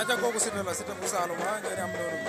aca kooku Siteu la Siteu bu Saloum a ngeen am loolu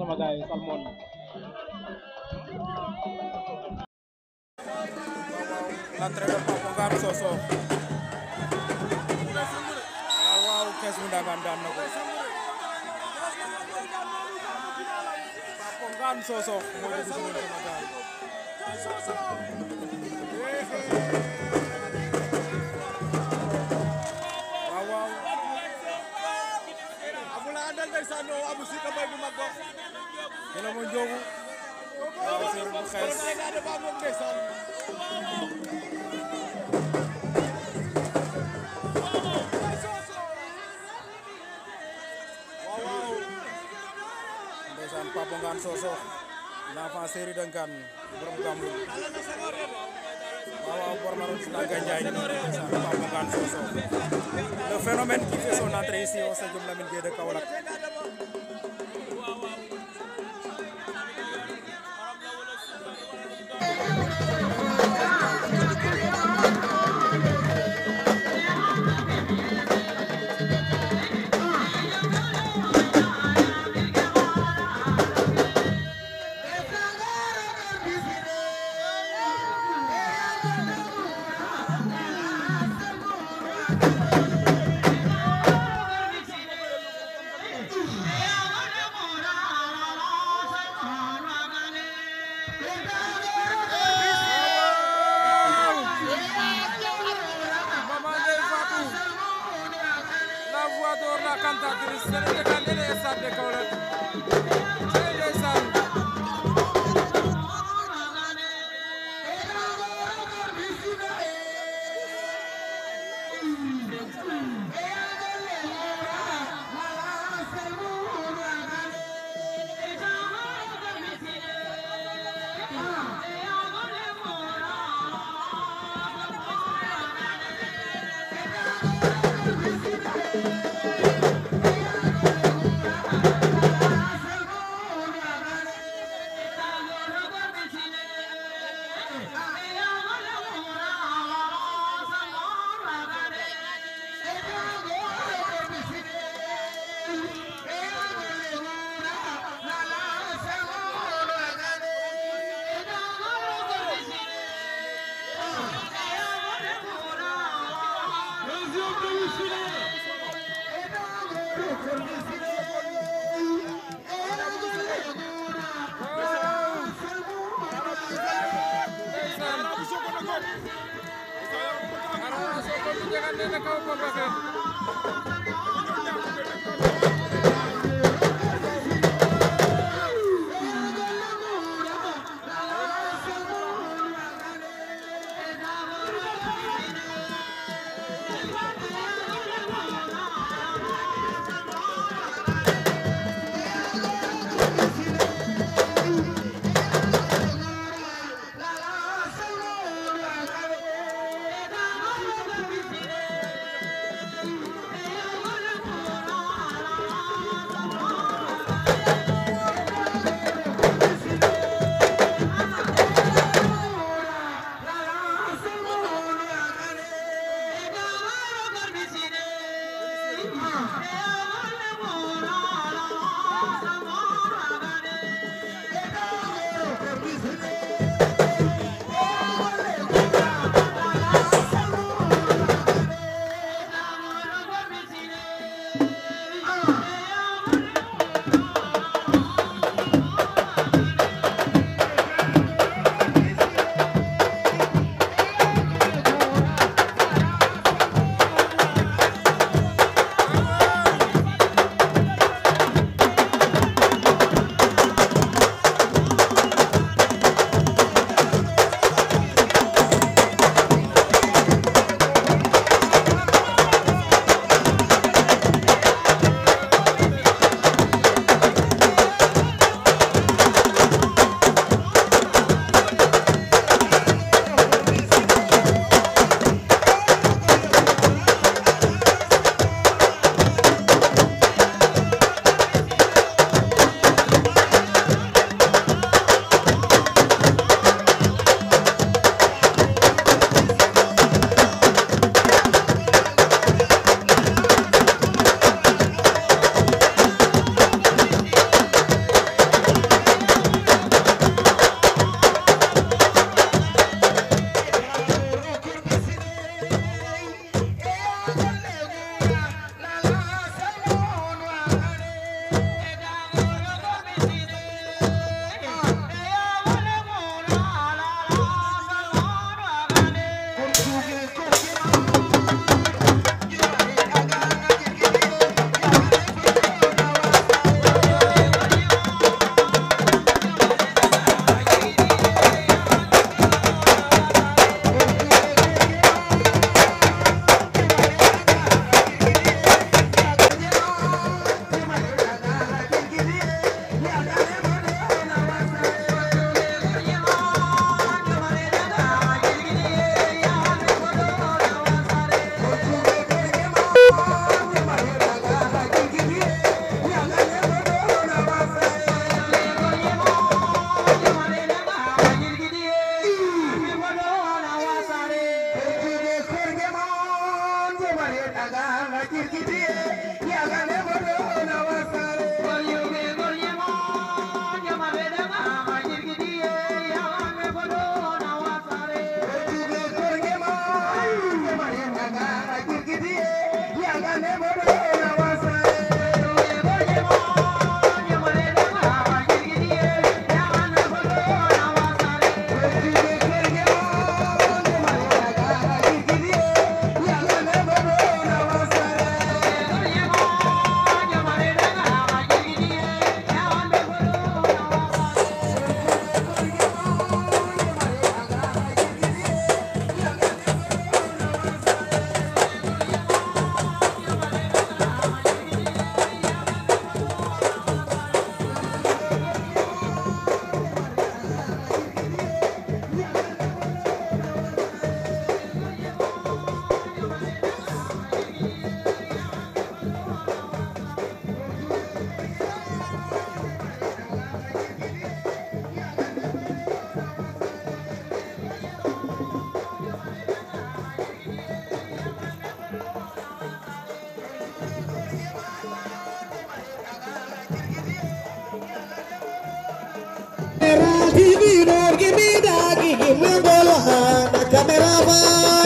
sama gars yi salmon l'entraîneur Papa Ngane Sossokh ah, waaw waaw kees bu Ndangane daan na ko Papa Ngane Sossokh moo dugg sama gars yi Sane o Abou Sy ka mbay du le phénomène qui fait son entrée ici au Stadium Lamine Gueye de Kaolack Ele é saber qual Ele acabou para cá.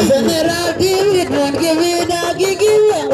General, give it, not give it, not give it.